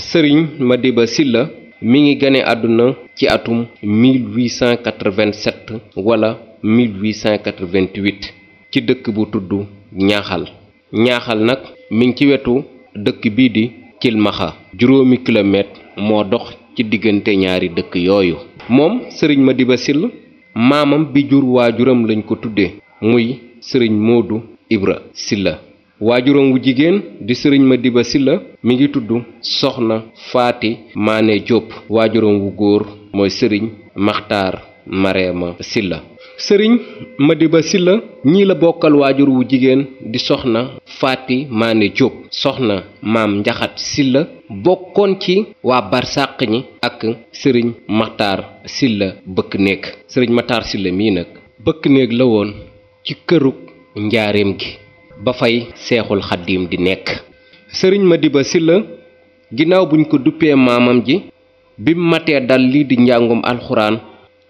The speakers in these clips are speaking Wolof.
sëriñ Madiba Silla mi ngi gane àdduna ci atum 1887 wala 1888 ci dëkk bu tudd ñaaxal ñaaxal nag mi ngi ci wetu dëkk bii di Kilmaxa juróomi moo dox ci diggante ñaari dëkk yooyu moom sëriñ Madiba Silla maamam bi jur waa waajuram lañ ko tuddee muy sëriñ Moodu Ibra Silla waajuram wu jigéen di sëriñ Madiba Sylla mi ngi tudd soxna faati Mané Diop waajuram wu góor mooy sëriñ Maxtaar Mareema Sylla sëriñ Madiba Sylla ñii la bokkal waajur wu jigéen di soxna faati Mané Diop soxna maam Njaxat Sylla bokkoon ci waa barsàq ñi ak sëriñ Maxtaar Sylla bëkk néeg sëriñ Maxtaar Sylla mii nag bëkk néeg la woon ci kërug njaareem gi ba fay seexul xaddiim di nekk sëriñ Madiba Sylla ginnaaw buñ ko duppee maamam ji bi matee dal lii di njàngum alxuraan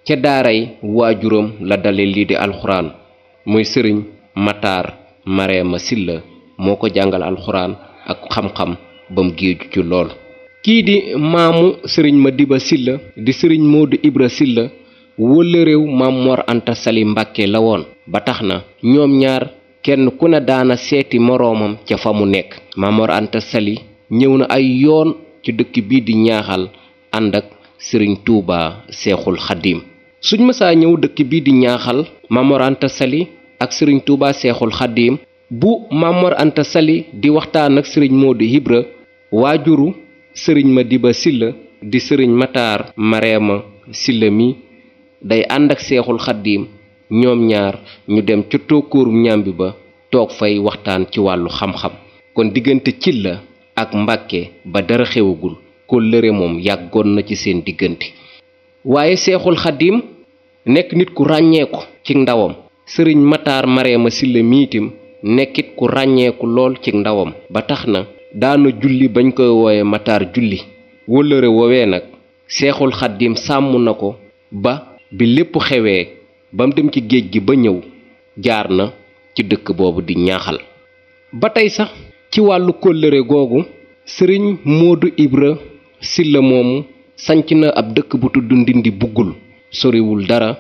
ca daaray waajuram la dale lii di alxuraan muy sëriñ Matar Marema Sylla moo ko jàngal alxuraan ak xam-xam bam géeju ci lool kii di maamu sëriñ Madiba Sylla di sëriñ Modou Ibra Sylla wëllëreew maam Mor Anta Sali Mbàkke la woon ba tax na ñoom ñaar kenn ku ne daana seeti moroomam ca fa mu nekk Mamor Anta ñëw na ay yoon ci dëkk bii di ñaaxal ànd ak sëriñ Touba Seexul Xadim suñ mësaa ñëw dëkk bii di ñaaxal Mamor Anta ak sëriñ Touba Seexul Xadim bu Mamor Anta Sali di waxtaan ak sëriñ Modou Ibra waajuru sëriñ Madiba Silla di sëriñ Matar Mareema Silla mi day ànd ak Seexul Xadim ñoom ñaar ñu dem ca tokkoorum ñàmbi ba toog fay waxtaan ci wàllu xam-xam kon diggante ci la ak Mbàkke ba dara xewagul kóllëre moom yàggoon na ci seen diggante waaye seexul xaddiim nekk nit ku ràññeeku ci ndawam sëriñ mataar mareema silla miitim nekkit ku ràññeeku lool ci ndawam ba tax na daana julli bañ koy wooye mataar julli wóllëre woowee nag seexul xaddim sàmm na ko ba bi lépp xewee ba dem ci géej gi ba ñëw jaar na ci dëkk boobu di ñaaxal ba tey sax ci wàllu kóllëre googu sëriñ Moodu Ibra Silla moomu sanc na ab dëkk bu tudd Ndindi buggul soriwul dara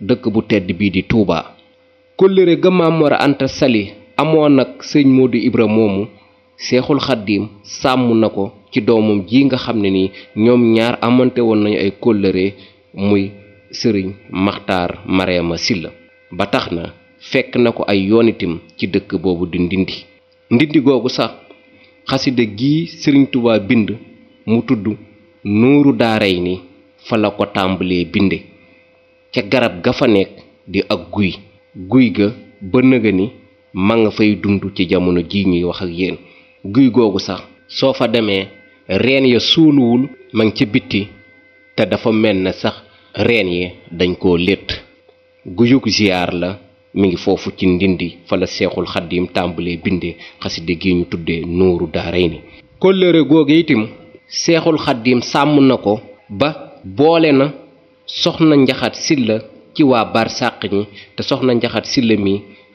dëkk bu tedd bii di tuubaa kóllëre ga Maam Mor Sali amoon nag sëñ Moodu Ibra moomu seexul xaddim sàmm na ko ci doomam ji nga xam ne ni ñoom ñaar amante woon nañu ay kóllëre muy sëriñ maxtaar mareema silla ba tax na fekk na ko ay yoonitim ci dëkk boobu di ndindi ndindi googu sax xasida gi sëriñ tubaa bind mu tudd nuuru daaray ni fa la ko tàmbalee binde ca garab ga fa nekk di ak guy guy ga ba ga ni ma nga fay dund ci jamono ji ñuy wax ak yéen guy googu sax soo fa demee reen ya suuluwul ma ca bitti te dafa mel na sax reen yi dañ koo létt guyug ziyaar la mu ngi foofu ci ndindi fa la seexul xaddim tàmbalee binde xaside gi ñu tuddee nuuru daaray ni kóllëre googu itam seexul xaddim sàmm na ko ba boole na soxna njaxat silla ci waa sàq ñi te soxna njaxat silla mi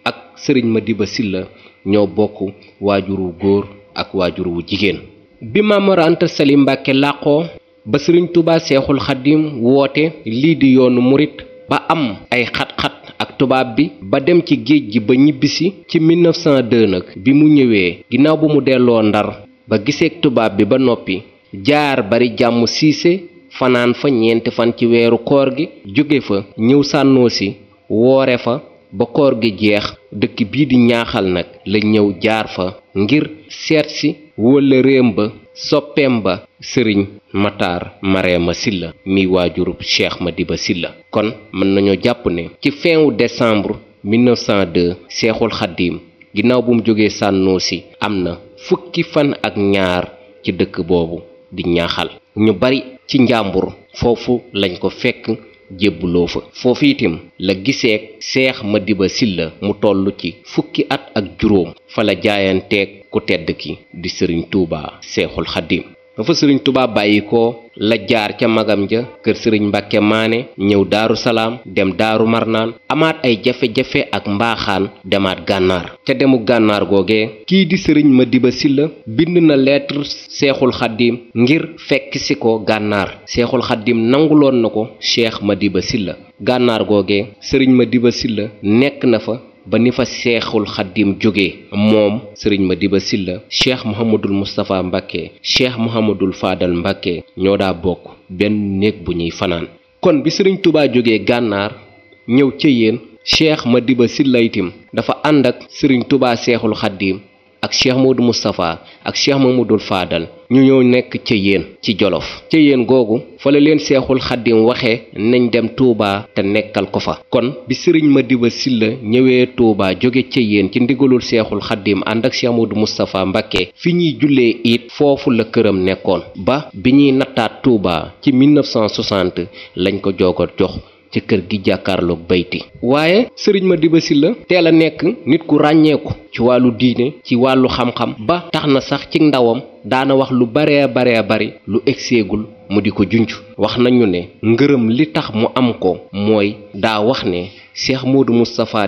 ak sëriñ ma Madiba Silla ñoo bokk waajur wu góor ak waajur wu jigéen bi Maam Mor Anta Sali Mbàkke làqoo ba sëriñ Touba seexul xaddim woote lii di yoonu murit ba am ay xat-xat ak tubaab bi ba dem ci géej gi ba ñibbisi ci 1902 nag bi mu ñëwee ginnaaw bu mu delloo ndar ba giseek tubaab bi ba noppi jaar bari jàmm siise fanaan fa ñeenti fan ci weeru koor gi jóge fa ñëw sànnoo si woore fa ba koor gi jeex dëkk bii di ñaaxal nag la ñëw jaar fa ngir seet si wala réem ba soppeem ba sëriñ Matar Marema Silla mi waajurub Cheikh Madiba Silla kon mën nañoo jàpp ne ci finwu décembre 1902 Seexul Xaddiim ginnaaw bu mu jógee Sànnoosi am na fukki fan ak ñaar ci dëkk boobu di ñaaxal ñu bari ci njàmbur foofu lañ ko fekk jébbuloo fa foofu itam la giseek seex Madiba Silla mu toll ci fukki at ak juróom fa la jaayanteeg ku tedd ki di sëriñ Tuubaa Seexul Xaddiim ba fa sëriñ tubaa bàyyi ko la jaar ca magam ja kër sëriñ mbàkke maane ñëw daaru salaam dem daaru marnaan amaat ay jafe-jafe ak mbaaxaan demaat gànnaar ca demu gànnaar googe kii di sëriñ Madiba Silla bind na lettre seexul xaddim ngir fekk si ko gànnaar seexul xaddim nanguloon na ko ma Madiba Silla gànnaar googee sëriñ Madiba Silla nekk na fa ba ni fa seexul xaddim jóge moom sëriñ Madiba Silla cheikh Mouhamadul Moustapha Mbacke cheikh Mouhamadul Fadal Mbacke ñoo daa bokk benn néeg bu ñuy fanaan kon bi sëriñ Touba jógee gànnaar ñëw ca yéen cheikh Madiba Silla itim dafa ànd ak sëriñ tubaa seexul xaddim ak cheikh Modou Moustapha ak mu dul faadal ñu ñëw nekk ca yéen ci jolof ca yéen googu fa la leen seexul xaddim waxee nañ dem Touba te nekkal ko fa kon bi sëriñ Madiba Silla ñëwee Touba jóge ca yéen ci ndigalul seexul xaddim ànd ak cheikh Modou Moustapha Mbacke fi ñuy jullee it foofu la këram nekkoon ba bi ñuy nattaat Touba ci 1960 lañ ko jooga jox ci kër gi jàkkaarloog bayti waaye sëriñ Madiba la teel a nekk nit ku ràññeeku ci wàllu diine ci wàllu xam-xam ba tax na sax ci ndawam daana wax lu baree baree bari lu egseegul mu di ko junj wax nañu ne ngërëm li tax mu am ko mooy daa wax ne Cheikh moodu Moustapha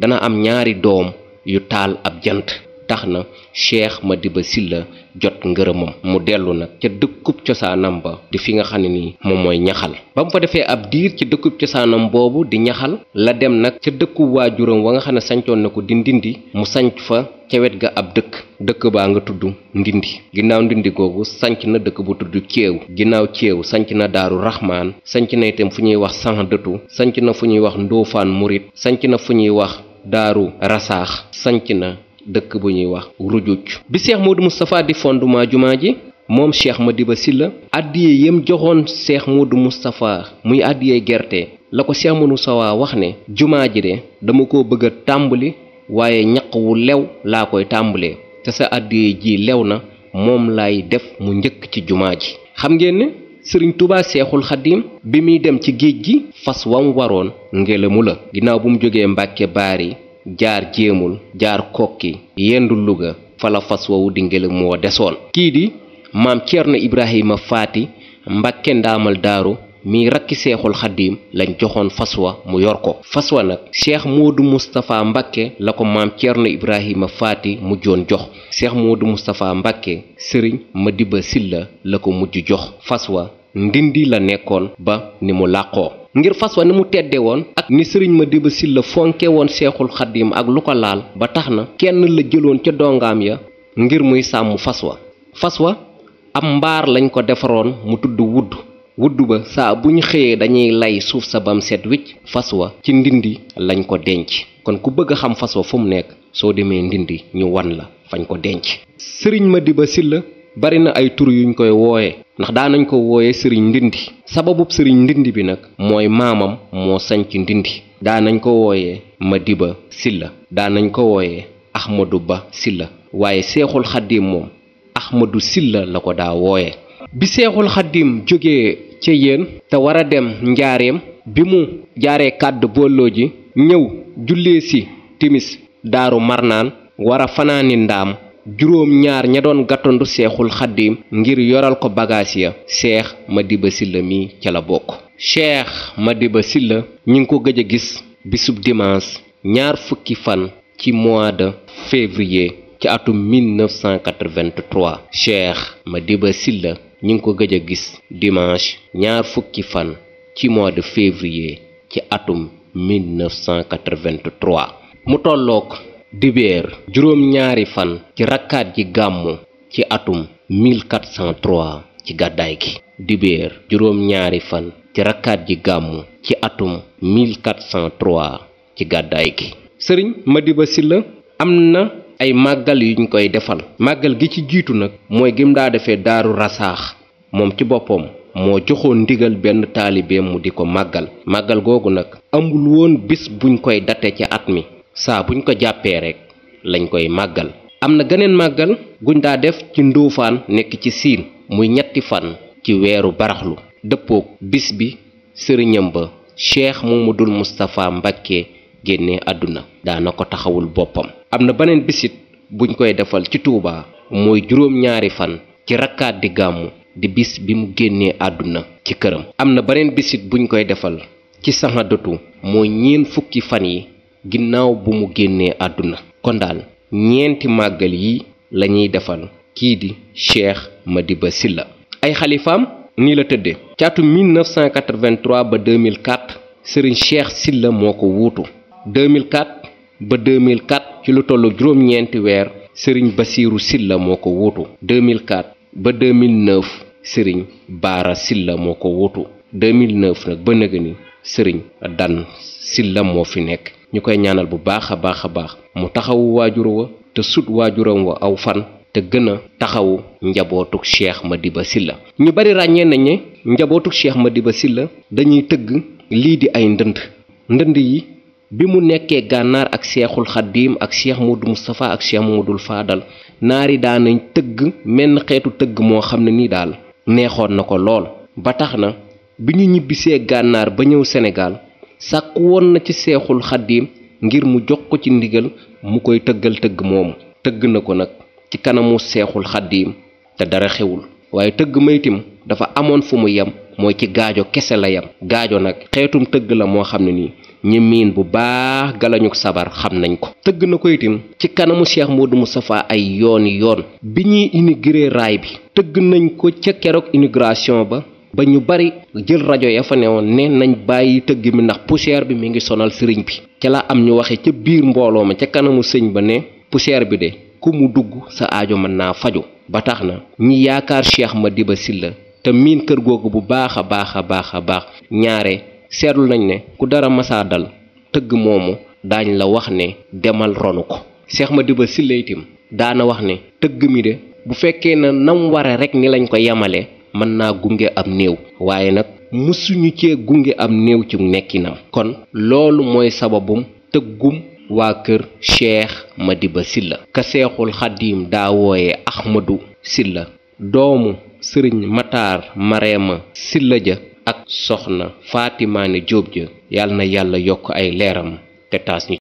dana am ñaari doom yu taal ab jant tax na Cheikh Madiba Sylla jot ngërëmam mu dellu nag ca dëkkub cosaanam ba di fi nga xam ne nii moom mooy ñaxal ba mu fa defee ab diir ci dëkkub cosaanam boobu di ñaxal la dem nag ca dëkku waajuram wa nga xam ne sancoon na ko di ndindi mu sanc fa ca wet ga ab dëkk dëkk baa nga tudd ndindi ginnaaw ndindi googu sanc na dëkk bu tudd ceew ginnaaw ceew sanc na daaru raxmaan sanc na itam fu ñuy wax san dëtu sanc na fu ñuy wax ndóofaan murit sanc na fu ñuy wax daaru rasaax sanc na dëkk bu ñuy wax rujuj bi Cheikh Modou Moustapha di fondement jumaa ji moom Cheikh Madiba Sylla àddiyee yam joxoon Cheikh Modou Moustapha muy àddiyee gerte la ko Cheikh Modou Moustapha wax ne jumaa ji de dama ko bëgg a tàmbali waaye ñaq wu lew laa koy tàmbalee te sa àddiyee ji lew na moom lay def mu njëkk ci jumaa ji xam ngeen ne sëriñ tubaa seexul xaddiim bi muy dem ci géej gi fas wam waroon ngelamu la ginnaaw bu mu jógee mbàkke yi jaar jéemul jaar kokki yendu Louga fala fas wawu di ngelaw moo desoon kii di maam Thierno Ibrahima Faati mbakke ndaamal daaru mii rakki seexul xaddiim lañ joxoon fas wa mu yor ko faswa nag cheikh moodu moustapha mbakke la ko maam ceerno ibrahima faati mujjoon jox cheikh moodu moustapha mbakke sëriñ madiba silla la ko mujj jox fas wa ndindi la nekkoon ba ni mu làqoo ngir faswa ni mu tedde woon ni sëriñ Madiba Sylla fonke woon seexul xaddim ak lu ko laal ba tax na kenn la jëloon ca dongaam ya ngir muy sàmm fas wa fas wa ab mbaar lañ ko defaroon mu tudd wudd wudd ba saa bu ñu xëyee dañuy lay suuf sa bam set wicc fas wa ci ndindi lañ ko denc kon ku bëgg a xam fas wa fu mu nekk soo demee ndindi ñu wan la fañ ko denc sëriñ Madiba Sylla bari na ay yu ñu koy wooyee ndax daanañ ko wooyee sëriñ ndindi sababub sëriñ ndindi bi nag mooy maamam moo sanc ndindi daanañ ko wooye wooyee Madiba Silla daanañ ko wooyee Ahmadou Ba Silla waaye seexul xaddiim moom Ahmadou Silla la ko daa wooye bi seexul xaddiim jóge ca yéen te war a dem njaareem bi mu jaaree kàdd booloo ñëw jullee si timis daaru marnaan war a fanaani ndaam juróom ñaar ña doon gàttandu seexul xaddim ngir yoral ko bagaas ya seex Madiba Sylla mi ca la bokk seex Madiba Sylla ñu ngi ko gëj a gis bisub dimanche ñaar fukki fan ci mois de février ci atum 1983 seex Madiba Sylla ñu ngi ko gëj a gis dimanche ñaar fukki fan ci mois de février ci atum 1983 mu ko dibeer juróom-ñaari fan ci rakkaat ji gàmmu ci atum 1403 ci gàddaay gi dibeer juróom-ñaari fan ci rakkaat ji gàmmu ci atum 1403 ci gàddaay gi sëriñ Madiba Sylla am na ay màggal yuñ koy defal màggal gi ci jiitu nag mooy gim daa defee daaru rasaax moom ci boppam moo joxoon ndigal benn taalibee mu di ko màggal màggal googu nag amul woon bis buñ koy date ci at mi saa bu buñ ko jàppee rek lañ koy màggal am na geneen màggal guñ daa def ci nduufaan nekk ci siin muy ñetti fan ci weeru baraxlu dëppook bis bi sëriñam ba cheikh dul Moustapha Mbakke génne àdduna daana ko taxawul boppam am na beneen bisit buñ koy defal ci Touba mooy juróom-ñaari fan ci rakkaat di gàmmu di bis bi mu génnee àdduna ci këram am na beneen bisit buñ koy defal ci saxadatu mooy ñeen fukki fan yi ginnaaw bu mu génnee àdduna kondaal ñeenti màggal yi lañuy defal kii di Cheikh Madiba Sylla ay xalifaam nii la tëddee caatu 1983 ba 2004 Serigne Cheikh Sylla moo ko wuutu 2004 ba 2004 ci lu tollu juróom-ñeenti weer Serigne Bassirou Sylla moo ko wuutu 2004 ba 2009 Serigne Bara Sylla moo ko wuutu 2009 nag ba nëgë ni Serigne Dan Sylla moo fi nekk. ñu koy ñaanal bu baax a baax a baax mu taxawu waajur wa te sut waajuram wa aw fan te gën a taxawu njabootug Cheikh Madiba Sylla ñu bari ràññee nañ ne njabootug Cheikh Madiba Sylla dañuy tëgg lii di ay ndënd ndënd yi bi mu nekkee gànnaar ak seexul xaddiim ak mu du Moustapha ak Cheikh Modou Fadal naari daanañ tëgg menn xeetu tëgg moo xam ne nii daal neexoon na ko lool ba tax na bi ñu ñibbisee gànnaar ba ñëw Sénégal sàkk woon na ci seexul xaddim ngir mu jox ko ci ndigal mu koy tëggal tëgg moomu tëgg na ko nag ci kanamu seexul xaddim te dara xewul waaye tëgg ma maytim dafa amoon fu mu yem mooy ci gaajo kese la yem gaajo nag xeetum tëgg la moo xam ne nii ñi bu baax galañu sabar xam nañ ko tëgg na ko itam ci kanamu Cheikh Modou Moustapha ay yooni yoon bi ñuy inauguré raay bi tëgg nañ ko ca keroog inauguration ba ba ñu bari jël rajo ya fa ne woon ne nañ bàyyi tëgg mi ndax poussière bi mi ngi sonal sëriñ bi ca la am ñu waxe ca biir mbooloo ma ca kanamu sëñ ba ne poussière bi de ku mu dugg sa aajo mën naa faju ba tax na ñi yaakaar Cheikh Madiba Sylla te miin kër googu bu baax a baax a baax a baax ñaare seetlu nañ ne ku dara masaa dal tëgg moomu daañ la wax ne demal ronu ko Cheikh Madiba Sylla itam daana wax ne tëgg mi de bu fekkee na nam ware rek ni lañ ko yemale mën naa gunge am néew waaye nag mësuñu cee gunge am néew ci nekkinam kon loolu mooy sababum tëggum waa kër Cheikh Madiba Sylla ka seexul xaddiim daa wooye Ahmadou Sylla doomu sëriñ Mataar Mareema Sylla ja ak soxna Faatimaane Jóob ja yàlla na yàlla yokk ay leeram te taas ñu